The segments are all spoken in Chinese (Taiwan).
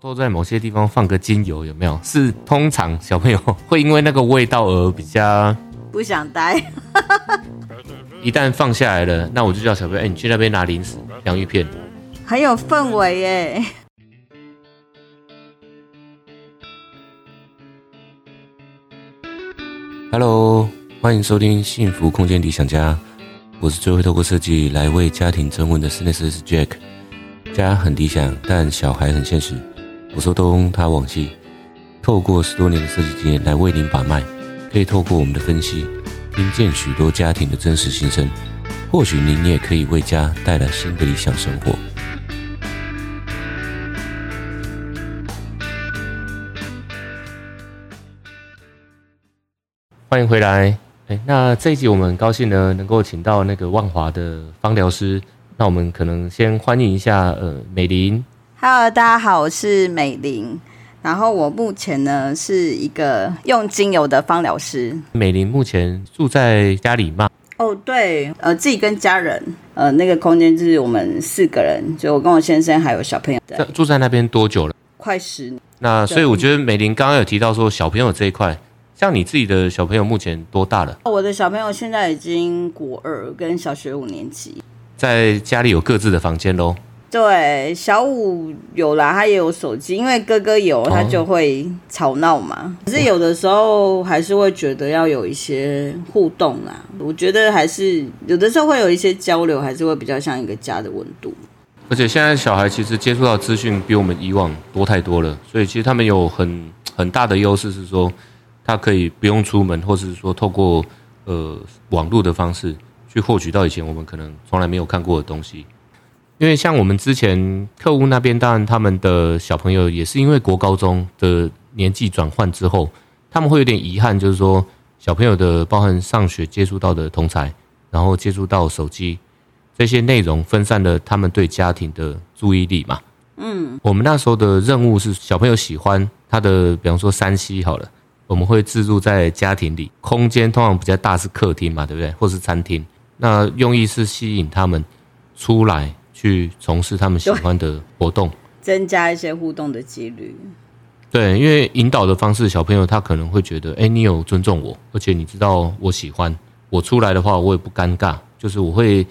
都在某些地方放個精油，有沒有？是通常小朋友會因為那個味道而比較不想待。一旦放下來了，那我就叫小朋友：“哎、欸，你去那邊拿零食，洋芋片。”很有氛圍耶！Hello，歡迎收聽《幸福空間理想家》，我是最會透過設計來為家庭升溫的室內設計師 Jack。家很理想，但小孩很現實。我說：“東，他往西。透過十多年的設計經驗來為您把脈，可以透過我們的分析，聽見許多家庭的真實心聲。或許您也可以為家帶來新的理想生活。歡迎回來。誒，那這一集我們很高興呢，能夠請到那個萬華的芳療師。那我們可能先歡迎一下，呃，美玲。Hello，大家好，我是美玲。然後我目前呢是一個用精油的芳療師。美玲目前住在家裡嗎？哦，oh, 對，呃，自己跟家人，呃，那個空間就是我們四個人，就我跟我先生還有小朋友。住住在那邊多久了？快十年。那對所以我覺得美玲剛剛有提到說小朋友這一塊，像你自己的小朋友目前多大了？我的小朋友現在已經國二跟小學五年級，在家裡有各自的房間嘍。對，小五有啦，他也有手機，因為哥哥有，他就會吵鬧嘛。啊、可是有的時候還是會覺得要有一些互動啦。我覺得還是有的時候會有一些交流，還是會比較像一個家的溫度。而且現在小孩其實接觸到資訊比我們以往多太多了，所以其實他們有很很大的優勢，是說他可以不用出門，或是說透過呃網絡的方式去獲取到以前我們可能從來沒有看過的東西。因為像我們之前客戶那邊，當然他們的小朋友也是因為國高中的年紀轉換之後，他們會有點遺憾，就是說小朋友的包含上學接觸到的同儕，然後接觸到手機這些內容分散了他們對家庭的注意力嘛。嗯，我們那時候的任務是小朋友喜歡他的，比方說三 C 好了，我們會置入在家庭裡空間，通常比較大是客廳嘛，對不對？或是餐廳，那用意是吸引他們出來。去從事他們喜歡的活動，增加一些互動的幾率。對，因為引導的方式，小朋友他可能會覺得，哎、欸，你有尊重我，而且你知道我喜歡，我出來的話，我也不尷尬。就是我會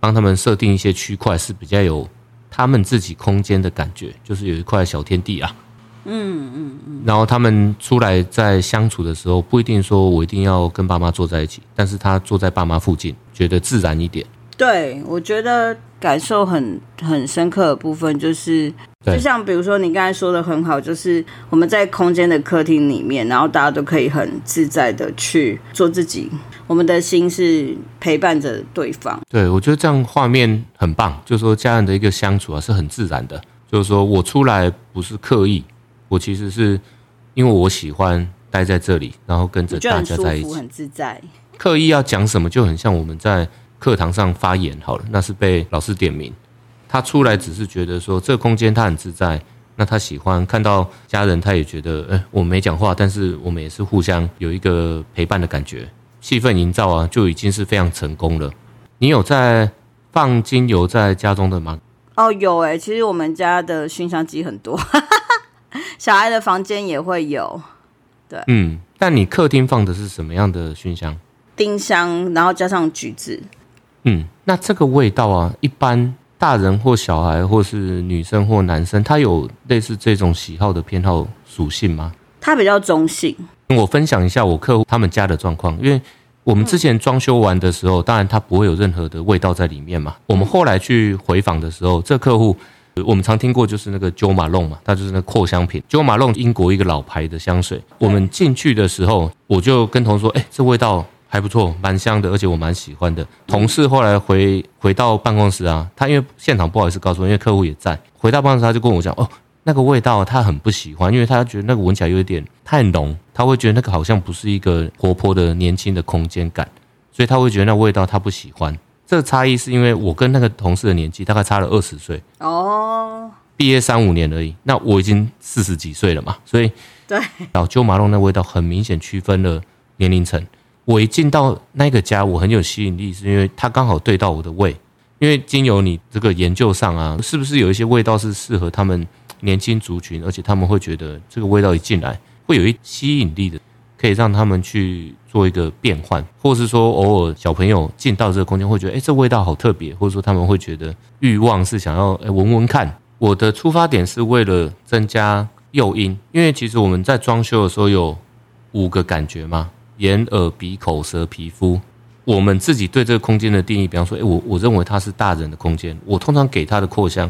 幫他們設定一些區塊，是比較有他們自己空間的感覺，就是有一塊小天地啊。嗯嗯嗯。嗯嗯，然後他們出來在相處的時候，不一定說我一定要跟爸媽坐在一起，但是他坐在爸媽附近，覺得自然一點。對，我覺得感受很很深刻的部分就是，對就像比如說你剛才說的很好，就是我們在空間的客廳裡面，然後大家都可以很自在的去做自己，我們的心是陪伴着對方。對，我覺得這樣畫面很棒，就是說家人的一個相處啊是很自然的，就是說我出來不是刻意，我其實是因為我喜歡待在這裡，然後跟着大家在一起很舒服，很自在，刻意要講什麼就很像我們在。課堂上發言好了，那是被老師點名。他出來只是覺得說這空間他很自在，那他喜歡看到家人，他也覺得，誒，我沒講話，但是我們也是互相有一個陪伴的感覺，氣氛營造啊，就已經是非常成功了。你有在放精油在家中的嗎？哦，有誒，其實我們家的熏香機很多， 小孩的房間也會有，對，嗯。但你客廳放的是什麼樣的熏香？丁香，然後加上橘子。嗯，那這個味道啊，一般大人或小孩，或是女生或男生，他有類似這種喜好的偏好屬性嗎？他比較中性。我分享一下我客戶他們家的狀況，因為我們之前裝修完的時候，當然它不會有任何的味道在裡面嘛。嗯、我們後來去回訪的時候，這客戶，我們常聽過就是那個 Jo Malone 嘛，它就是那擴香品。Jo Malone，英國一個老牌的香水。對我們進去的時候，我就跟同事說：“哎、欸，這味道。”還不錯，蠻香的，而且我蠻喜歡的。同事後來回回到辦公室啊，他因為現場不好意思告訴我，因為客戶也在。回到辦公室他就跟我講：“哦，那個味道他很不喜歡，因為他覺得那個聞起來有點太濃，他會覺得那個好像不是一個活潑的年輕的空間感，所以他會覺得那味道他不喜歡。”這個差異是因為我跟那個同事的年紀大概差了二十歲哦，畢業三五年而已。那我已經四十幾歲了嘛，所以，對，老舊馬龍那味道很明顯區分了年齡層。我一進到那個家，我很有吸引力，是因為它剛好對到我的胃，因為經由你這個研究上啊，是不是有一些味道是適合他們年輕族群，而且他們會覺得這個味道一進來會有一吸引力的，可以讓他們去做一個變換，或是說偶爾小朋友進到這個空間會覺得，哎、欸，這味道好特別，或者說他們會覺得慾望是想要，哎、欸，聞聞看。我的出發點是為了增加誘因，因為其實我們在裝修的時候有五個感覺嘛。眼、耳、鼻、口、舌、皮膚，我們自己對這個空間的定義，比方說，誒、欸，我我認為它是大人的空間，我通常給它的擴香，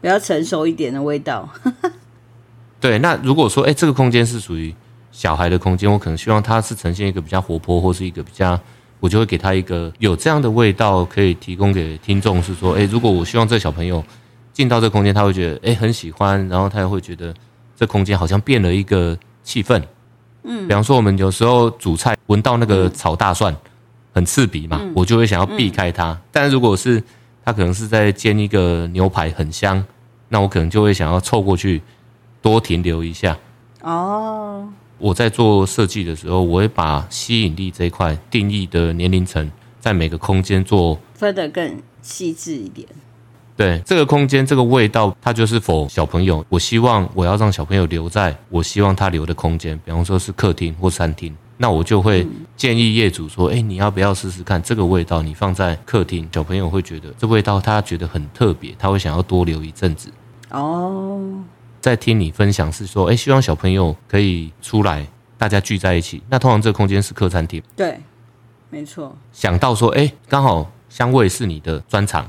比較成熟一點的味道。 對，那如果說，誒、欸，這個空間是屬於小孩的空間，我可能希望它是呈現一個比較活潑，或是一個比較，我就會給他一個有這樣的味道，可以提供給聽眾，是說，誒、欸，如果我希望這小朋友進到這個空間，他會覺得，誒、欸，很喜歡，然後他也會覺得這空間好像變了一個氣氛。嗯，比方說我們有時候煮菜聞到那個炒大蒜、嗯、很刺鼻嘛，嗯、我就會想要避開它。嗯、但如果是他可能是在煎一個牛排很香，那我可能就會想要湊過去多停留一下。哦，我在做設計的時候，我會把吸引力這一塊定義的年齡層，在每個空間做分的更細緻一點。對這個空間，這個味道，它就是否小朋友？我希望我要讓小朋友留在我希望他留的空間，比方說是客廳或餐廳，那我就會建議業主說：“哎、嗯欸，你要不要試試看這個味道？你放在客廳，小朋友會覺得這味道他覺得很特別，他會想要多留一陣子。”哦，在聽你分享是說：“哎、欸，希望小朋友可以出來，大家聚在一起。”那通常這個空間是客餐廳。對，沒錯。想到說：“哎、欸，剛好香味是你的專長。”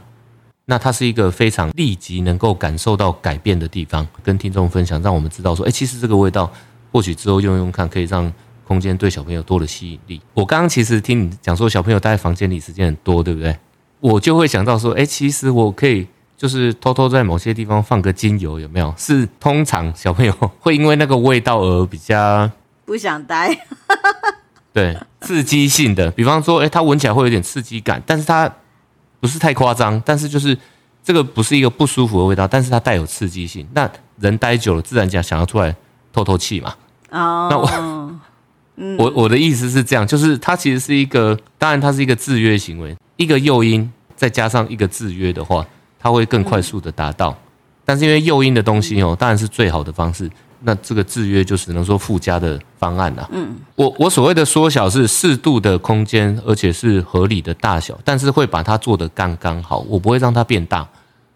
那它是一個非常立即能夠感受到改變的地方，跟聽眾分享，讓我們知道說，誒，其實這個味道，或許之後用用看，可以讓空間對小朋友多了吸引力。我剛剛其實聽你講說，小朋友待在房間裡時間很多，對不對？我就會想到說，誒，其實我可以就是偷偷在某些地方放個精油，有沒有？是通常小朋友會因為那個味道而比較不想待，對，刺激性的。比方說，誒，它聞起來會有點刺激感，但是它。不是太誇張，但是就是這個不是一個不舒服的味道，但是它帶有刺激性。那人待久了，自然講想要出來透透氣嘛。哦，oh. 那我，我我的意思是這樣，就是它其實是一個，當然它是一個制約行為，一個誘因，再加上一個制約的話，它會更快速的達到。嗯，但是因為誘因的東西哦，當然是最好的方式。那這個制約就只能說附加的方案啦。嗯，我我所謂的縮小是適度的空間，而且是合理的大小，但是會把它做得剛剛好，我不會讓它變大。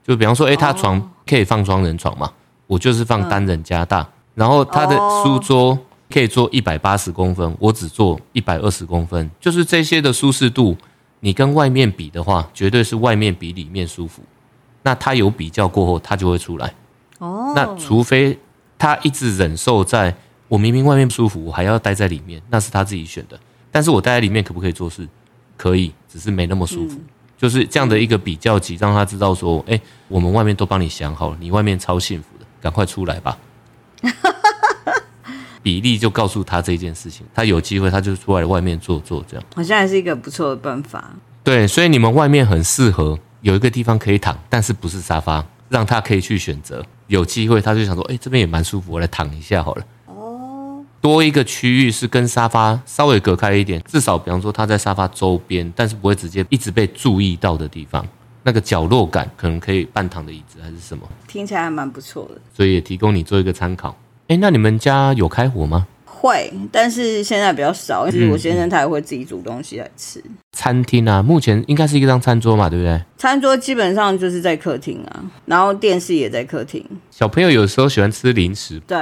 就比方說，誒、欸，他床可以放雙人床嘛，我就是放單人加大。嗯、然後他的書桌可以做一百八十公分，我只做一百二十公分，就是這些的舒適度，你跟外面比的話，絕對是外面比裡面舒服。那他有比較過後，他就會出來。哦，那除非。他一直忍受在，在我明明外面不舒服，我還要待在裡面，那是他自己選的。但是我待在裡面可不可以做事？可以，只是沒那麼舒服。嗯、就是這樣的一個比較級，讓他知道說：哎、欸，我們外面都幫你想好了，你外面超幸福的，趕快出來吧。 比例就告訴他這件事情，他有機會，他就出來外面坐坐這樣。好像也是一個不錯的辦法。對，所以你們外面很適合有一個地方可以躺，但是不是沙發，讓他可以去選擇。有機會，他就想說：“哎，這邊也蠻舒服，我來躺一下好了。”哦，多一個區域是跟沙發稍微隔開一點，至少比方說他在沙發周邊，但是不會直接一直被注意到的地方，那個角落感可能可以半躺的椅子還是什麼，聽起來還蠻不錯的。所以也提供你做一個參考。哎，那你們家有開火嗎？會，但是現在比較少。因為我先生他也會自己煮東西來吃。嗯嗯。餐廳啊，目前應該是一張餐桌嘛，對不對？餐桌基本上就是在客廳啊，然後電視也在客廳。小朋友有時候喜歡吃零食，對，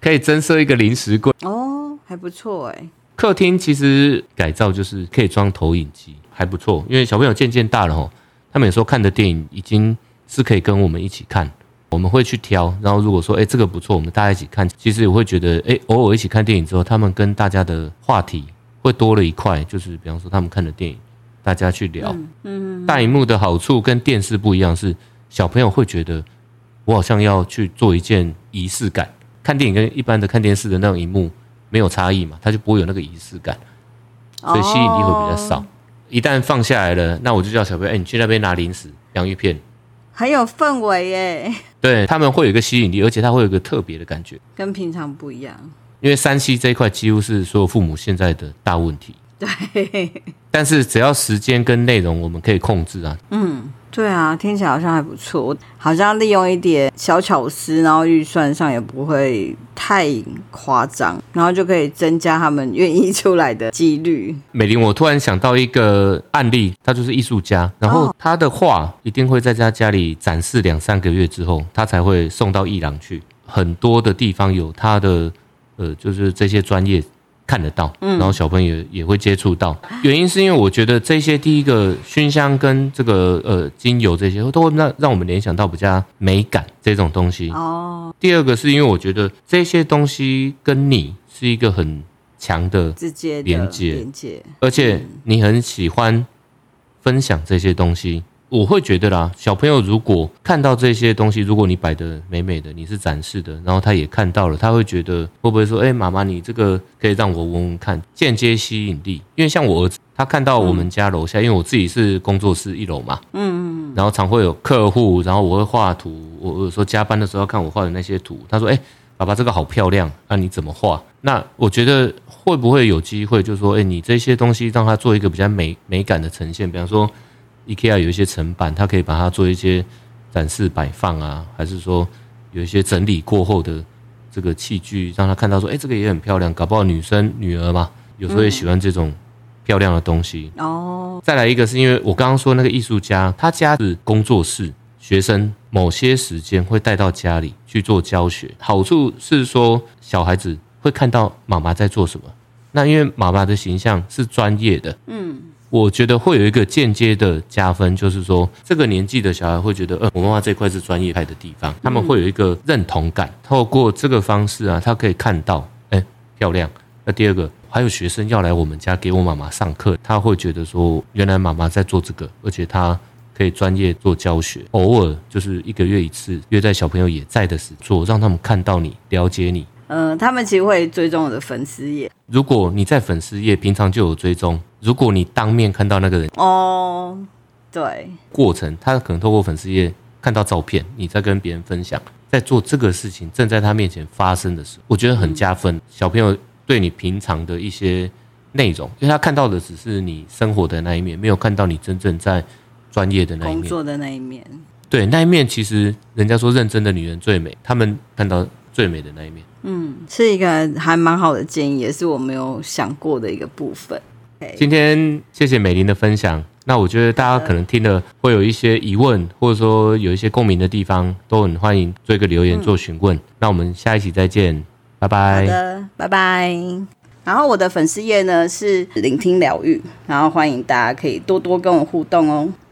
可以增設一個零食櫃哦，還不錯哎，欸。客廳其實改造就是可以裝投影機，還不錯，因為小朋友漸漸大了吼，哦，他們有時候看的電影已經是可以跟我們一起看。我們會去挑，然後如果說，誒、欸、這個不錯，我們大家一起看。其實我會覺得，誒、欸，偶爾一起看電影之後，他們跟大家的話題會多了一塊，就是比方說他們看的電影，大家去聊。嗯，嗯。大熒幕的好處跟電視不一樣是，是小朋友會覺得我好像要去做一件儀式感。看電影跟一般的看電視的那種熒幕沒有差異嘛，它就不會有那個儀式感，所以吸引力會比較少。哦、一旦放下來了，那我就叫小朋友，哎、欸，你去那邊拿零食，洋芋片。很有氛圍耶，對，對他們會有一個吸引力，而且他會有一個特別的感覺，跟平常不一樣。因為 3C 這一塊幾乎是所有父母現在的大問題。對，但是只要時間跟內容，我們可以控制啊。嗯，對啊，聽起來好像還不錯，我好像利用一點小巧思，然後預算上也不會太誇張，然後就可以增加他們願意出來的幾率。美玲，我突然想到一個案例，他就是藝術家，然後他的畫一定會在他家裡展示兩三個月之後，他才會送到藝廊去。很多的地方有他的，呃，就是這些專業。看得到，嗯，然後小朋友也，嗯，也會接觸到。原因是因為我覺得這些第一個熏香跟這個呃精油這些，都會讓讓我們聯想到比較美感這種東西哦。第二個是因為我覺得這些東西跟你是一個很強的連結，直接的連接，而且你很喜歡分享這些東西。嗯我會覺得啦，小朋友如果看到這些東西，如果你擺得美美的，你是展示的，然後他也看到了，他會覺得會不會說，哎、欸，媽媽，你這個可以讓我聞聞看，間接吸引力。因為像我兒子，他看到我們家樓下，嗯、因為我自己是工作室一樓嘛，嗯，嗯嗯，然後常會有客戶，然後我會畫圖，我有時候加班的時候看我畫的那些圖，他說，哎、欸，爸爸這個好漂亮，那、啊、你怎麼畫？那我覺得會不會有機會，就說，哎、欸，你這些東西讓他做一個比較美美感的呈現，比方說。IKEA 有一些層板，他可以把它做一些展示擺放啊，還是說有一些整理過後的這個器具，讓他看到說，哎、欸，這個也很漂亮。搞不好女生、女兒嘛，有時候也喜歡這種漂亮的東西。哦、嗯。再來一個是因為我剛剛說那個藝術家，他家是工作室，學生某些時間會帶到家裡去做教學。好處是說小孩子會看到媽媽在做什麼，那因為媽媽的形象是專業的。嗯。我覺得會有一個間接的加分，就是說這個年紀的小孩會覺得，呃，我媽媽這塊是專業派的地方，他們會有一個認同感。透過這個方式啊，他可以看到，哎，漂亮。那第二個，還有學生要來我們家給我媽媽上課，他會覺得說，原來媽媽在做這個，而且他可以專業做教學。偶爾就是一個月一次，約在小朋友也在的時候，讓他們看到你，了解你。嗯、呃，他們其實會追蹤我的粉絲頁。如果你在粉絲頁，平常就有追蹤。如果你當面看到那個人哦，oh, 對，過程他可能透過粉絲頁看到照片，你在跟別人分享，在做這個事情，正在他面前發生的時候，我覺得很加分。嗯，小朋友對你平常的一些內容，因為他看到的只是你生活的那一面，沒有看到你真正在專業的那一面，工作的那一面。對，那一面其實人家說，認真的女人最美，他們看到最美的那一面。嗯，是一個還蠻好的建議，也是我沒有想過的一個部分。今天謝謝美玲的分享。那我覺得大家可能聽了會有一些疑問，或者說有一些共鳴的地方，都很歡迎做一個留言做詢問。嗯、那我們下一期再見，嗯、拜拜。好的，拜拜。然後我的粉絲頁呢是聆聽療癒，然後歡迎大家可以多多跟我互動哦。